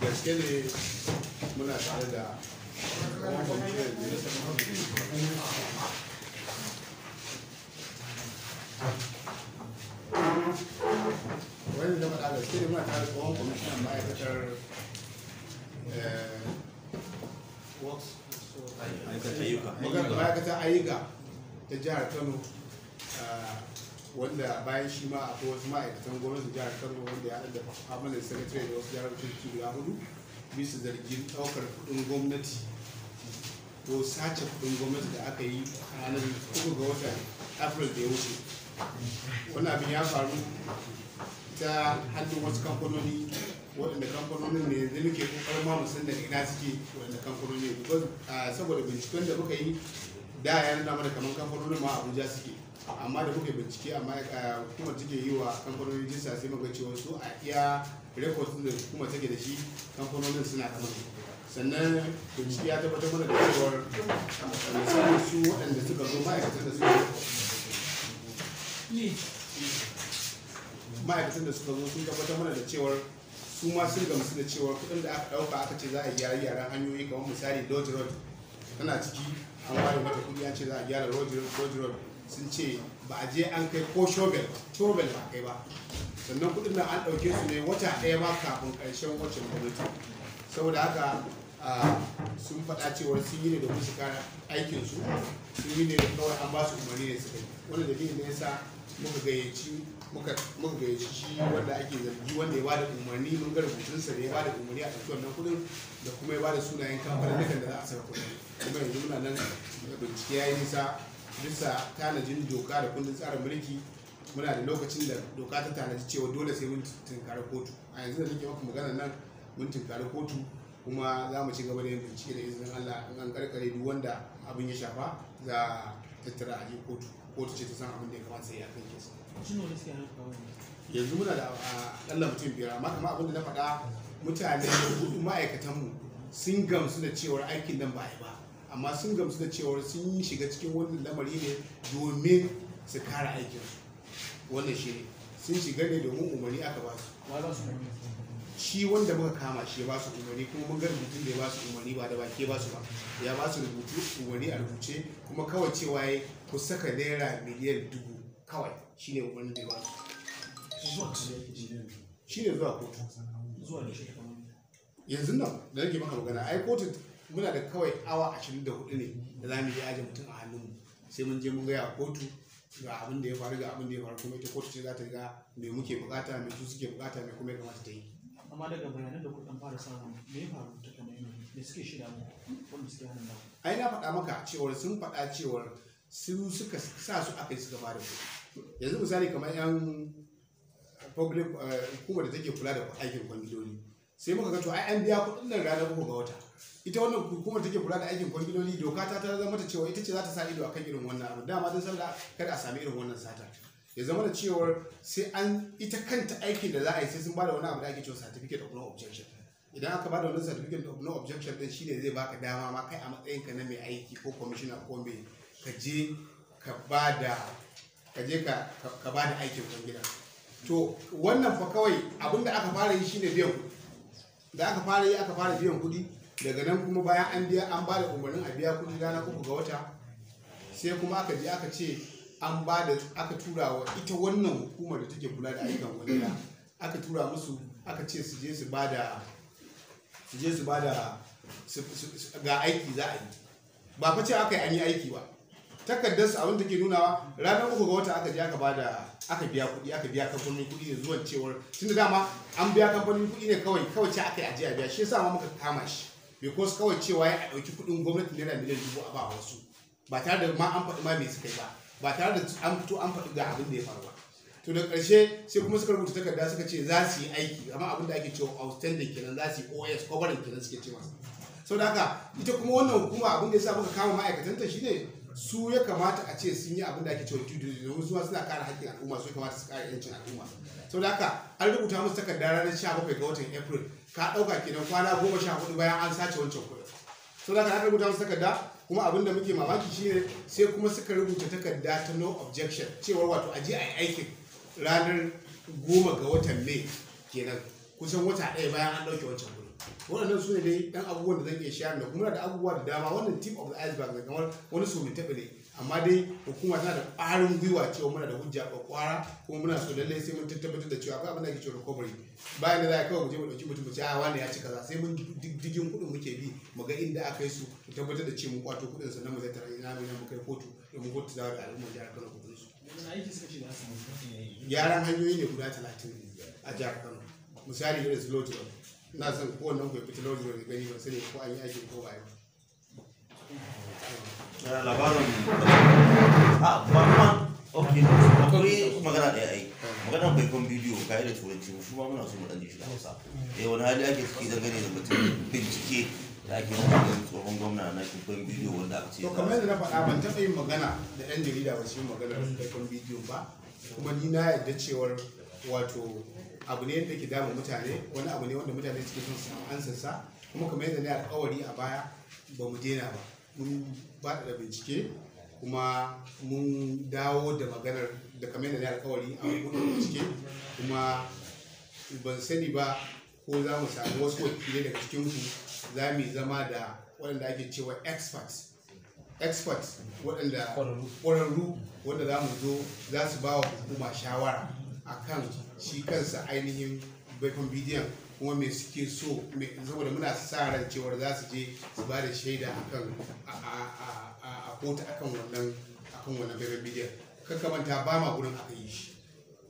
gaske ne muna tare da wani da faɗa gaske ne muna tare da tsohon kwamishinan ma'aikatar ma'aikatar ayyuka ta jihar kano wanda bayan shi ma akwai wasu ma'aikatan gwamnatin jihar kano wanda ya da amalin sanatari da wasu jarumcin guda hudu bisa zargin daukar kudin gwamnati ko sace kudin gwamnati da aka yi ranar uku ga watan april da ya wuce wannan abin ya faru ta hannun wasu kamfanoni waɗanda kamfanonin ne yanzu muke kokarin ma musan daga ina suke waɗanda kamfanoni ah, saboda binciken da muka yi da ya nuna mana kamar kamfanoni ma abuja suke amma da muka bincike amma eh, kuma take yi wa kamfanonin jinsa sai muka cewa su a iya rekod da kuma take da shi kamfanonin suna kamar sannan bincike ya tabbatar mana da cewar musamman su waɗanda suka zo ma'aikatan da suka ma'aikatan da suka zo sun tabbatar mana da cewar su ma sun musu da cewar kuɗin da aka ɗauka aka ce za a yi yaran hanyoyi kamar misali dodge road tana ciki an ware wata kudi an ce za a gyara road road sun ce ba a je an kai ko shobel shobel ba kai ba sannan kudin na an dauke su ne wata daya ba kafin karshen wacce gwamnati saboda haka sun faɗa cewa sun yi ne da musu kara aikin su sun yi ne da kawai an ba su umarni ne su kai wannan dalilin ne yasa muka gayyaci muka muka gayyaci shi wanda ake zargi wanda ya bada umarni mun ga sa da ya bada umarni a ɗauki wannan kuɗin da kuma ya bada sunayen kamfanin da za a sayar kuɗin kuma yanzu muna nan bincike ya yi nisa bisa tanajin doka da kundin tsarin mulki muna da lokacin da doka ta tanaji cewa dole sai mun tunkari kotu a yanzu da nake maka magana nan mun tunkari kotu kuma za mu ci gaba da yin bincike da izinin Allah in an karkare duk wanda abin ya shafa za tattara a kotu kotu ce ta san abin da ya kamata a kan yanzu muna da akalla mutum biyar amma kamar abin da na faɗa mutane hudu ma'aikatanmu sun gamsu da cewar aikin nan ba yi ba amma sun gamsu da cewar sun shiga cikin wannan lamari ne domin su kare aikin wannan shi ne sun shiga ne domin umarni aka ba su shi wanda muka kama shi ba su umarni kuma mun ga rubutun da ya ba su umarni ba da ke ba su ba ya ba su rubutu umarni a rubuce kuma kawai cewa ya ku saka naira miliyan dubu kawai shine umarni da ya ba su ne zuwa kotu yanzu nan da nake maka magana ai kotu muna da kawai awa 24 ne da za mu yi ajin mutum a hannunmu sai mun je mun gaya kotu ga abin da ya faru ga abin da ya faru kuma ita kotu ce za ta ga me muke bukata mai su suke bukata me kuma ya kamata ta yi amma daga bayanan da kuɗin fara samu me ya faru ta kamar yanayi da suke shida mu wanda suke hannun nawa ai na faɗa maka cewar sun faɗa cewar su suka sa su aka yi gaba da kuɗi yanzu misali kamar yan public eh, hukumar da take kula da aikin kwangiloli sai muka ga to ai an biya kuɗin nan ranar uku ga wata ita wannan hukumar take kula da aikin kwangiloli doka ta ta zama ta cewa ita ce za ta sa ido akan irin wannan abu dama don sallah kada a sami irin wannan sata ya zama da cewar sai an ita kanta aikin da za a yi sai sun ba da wani abu da ake cewa certificate of no objection idan aka ba da wani certificate of no objection din shine zai baka dama ma kai a matsayin ka na mai aiki ko commissioner ko mai ka je ka bada ka je ka ka da aikin kwangila to wannan fa kawai abin da aka fara yi shine biyan da aka fara yi aka fara biyan kuɗi daga nan kuma bayan an biya an ba da umarnin a biya kuɗi rana uku ga wata sai kuma aka je aka ce an ba da aka tura wa ita wannan hukumar da take kula da ayyukan walila aka tura musu aka ce su je su ba da su je su ba da ga aiki za a yi ba fa ce aka yi an yi aiki ba takardar su abin da ke nunawa ranar uku ga wata aka je aka ba da aka biya kuɗi aka biya kamfanin kuɗi ne zuwan cewar tunda dama an biya kamfanin kuɗi ne kawai kawai ce aka yi ajiya biya shi yasa ma muka kama shi because kawai cewa ya ɗauki kuɗin gwamnati naira miliyan dubu a ba wasu ba tare da ma an faɗi ma me suka yi ba ba tare da an fito an faɗi ga abin da ya faru ba to da ƙarshe sai kuma suka rubuta takarda suka ce za su yi aiki amma abin da ake cewa outstanding kenan za su yi os covering kenan suke ce masa sau da haka ita kuma wannan hukuma abin da ya sa muka kama ma'aikatanta ne su ya kamata a ce sun yi abin da ake cewa due da domin su suna kare haƙƙin al'umma su ya kamata su kare yancin al'umma sau da haka an rubuta musu takarda ranar 17 ga watan april ka ɗauka kenan kwana goma sha hudu bayan an sace wancan kuɗin sau da haka an rubuta musu takarda kuma abin da muke mamaki shine sai kuma suka rubuta takarda ta no objection cewar wato je a yi aikin ranar goma ga watan mai kenan kusan wata ɗaya bayan an ɗauke wancan gudu waɗannan su ne dai ɗan abubuwan da zan iya shayar da kuma da abubuwa da dama wannan tip of the iceberg da kamar wani su mai taɓa ne amma dai hukuma tana da ƙwarin gwiwa cewa muna da hujja ƙwaƙwara ko muna so lallai sai mun tabbatar da cewa akwai abin da ake cewa recovery bayan da za a kawai mu je mu ɗauki mutum mu ce a ah, wani ya ci kaza sai mun diddigin kuɗin muke bi mu ga inda aka yi su mu tabbatar da cewa mu kwato kuɗin sannan mu zai tara ina mu mu kai kotu mu kotu za da al'umma jihar Kano kuɗin su. Gyaran hanyoyi ne guda talatin a jihar Kano misali irin su lotu na san kowanne ku ya fita lotu da gani ba sai ko an yi aikin ko ba yi labarin a ba ah, ok magana bidiyo kayi da turanci ma so da hausa eh, wani hali ake ciki dangane bincike da ake yi tsohon gwamna bidiyo wanda to kamar yadda na faɗa ban taɓa yin magana da yan jarida ba shi magana faifan bidiyo ba kuma ni na yarda cewar wato abu ne da ke dama mutane wani abu ne wanda mutane suke son su ansa sa kuma kamar yadda na alkawari a baya ba mu daina ba mun da bincike kuma mun dawo da maganar da kamar da alkawari a gudu bincike kuma ban sani ba ko za mu sami wasu wakilai daga cikin ku za mu zama da waɗanda ake cewa experts experts waɗanda ƙwararru wanda za mu zo za su ba wa hukuma shawara a kan shi kansa ainihin baifin bidiyon kuma me suke so saboda muna sa ran cewar za su je su ba da shaida kan a a kan wannan akan wannan bayan bidiyar kakkamanta ba ma gurin aka yi shi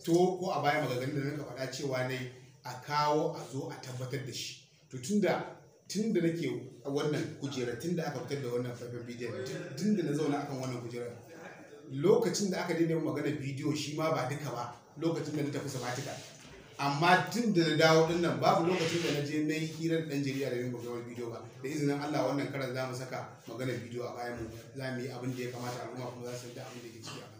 to ko a baya maganganun da naka faɗa cewa ne a kawo a zo a tabbatar da shi to tunda tun da nake wannan kujerar tun da aka fitar da wannan faifan bidiyon tun da na zauna akan wannan kujerar lokacin da aka daina magana bidiyo shi ma ba duka ba lokacin da na tafi sabatika amma tun da na dawo din nan babu lokacin da na je na yi hirar dan jarida da yin wani bidiyo ba da izinin Allah wannan karan za mu saka maganar bidiyo a bayan mu za mu yi abin da ya kamata al'umma kuma za su yi da abin da ke ciki a